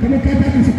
Como quem pega esse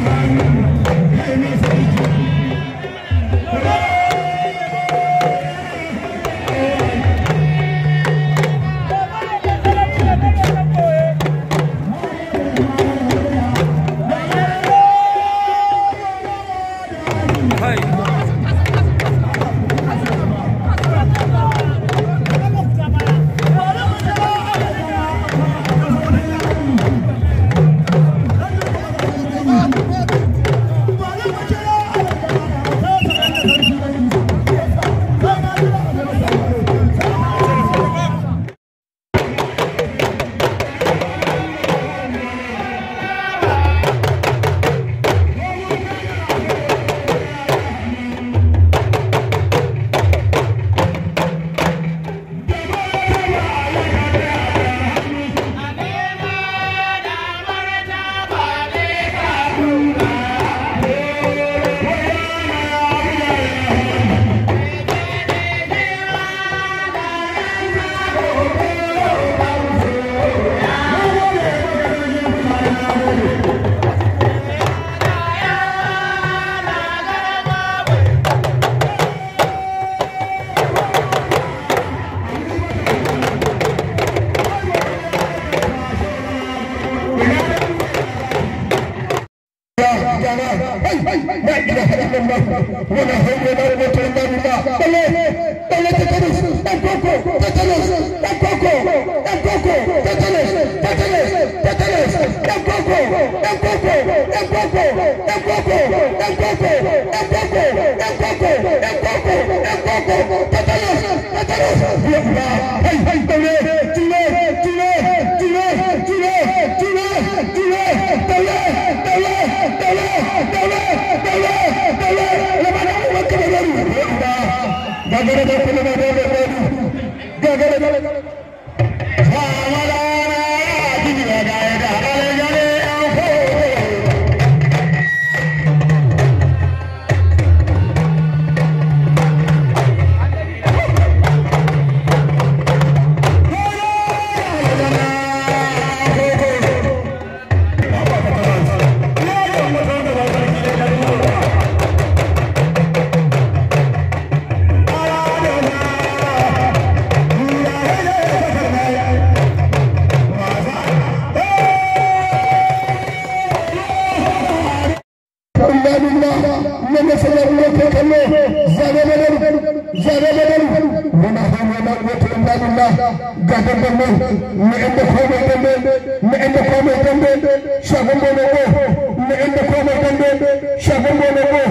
Thank you. لا اله الا الله ولا حول ولا قوه الا بالله الله تتلوس تكوكو تتلوس تكوكو تكوكو تتلوس تتلوس تتلوس تكوكو تكوكو تكوكو تكوكو تكوكو تكوكو تكوكو تكوكو تكوكو تتلوس تتلوس يا الله هي هي de de de de de de عباد الله لما سلم لك الله زاد بدر زاد بدر ونحن نموت عباد الله قد الله نعم قوم الدم نعم قوم الدم شغل الله نعم قوم الدم شغل الله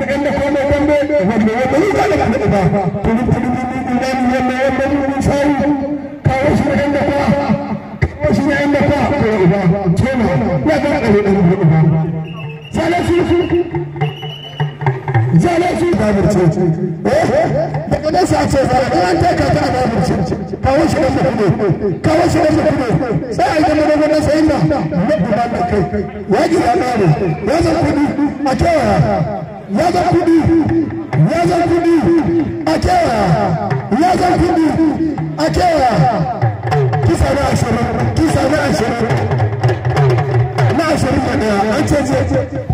نعم قوم الدم والله من قال لك هذا قل قل من يما يما من شاي كاوش عندك كاوش عندك لا لا لا zalafi baburce daga nesa ce zalafi ta sai a da mabu ba da kai ya ji ya ya zan kudi a ya kudi ya kudi a ya kudi a kewaya kisa ashirin kisa na ashirin na ashirin da an ce ce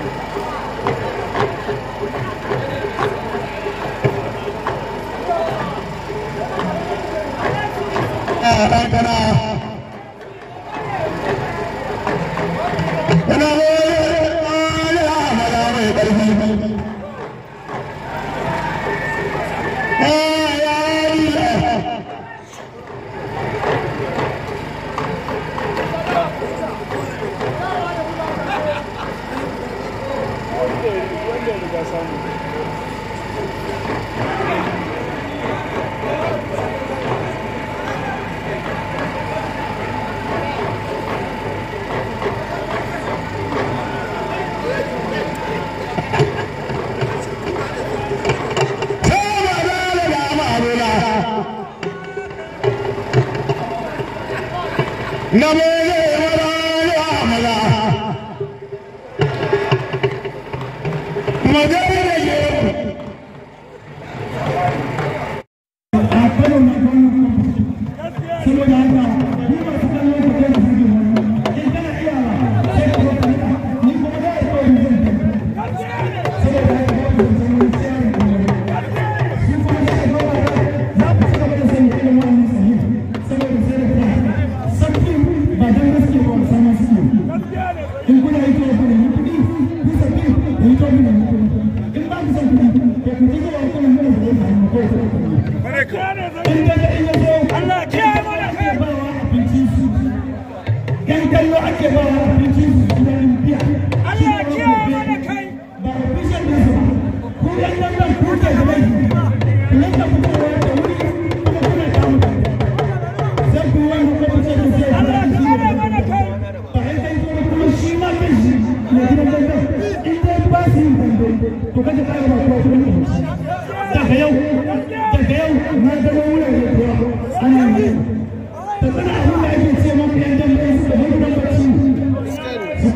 ah a نوابي ورا ake ba na abinci su zama limbiya shi ne ba gobe ba da fishin da su ko yan nan nan ko da zama yi nan da kuma wani da wuri kuma kuna kamun da sai ku wani kuma ce da sai Allah ta ana mana kai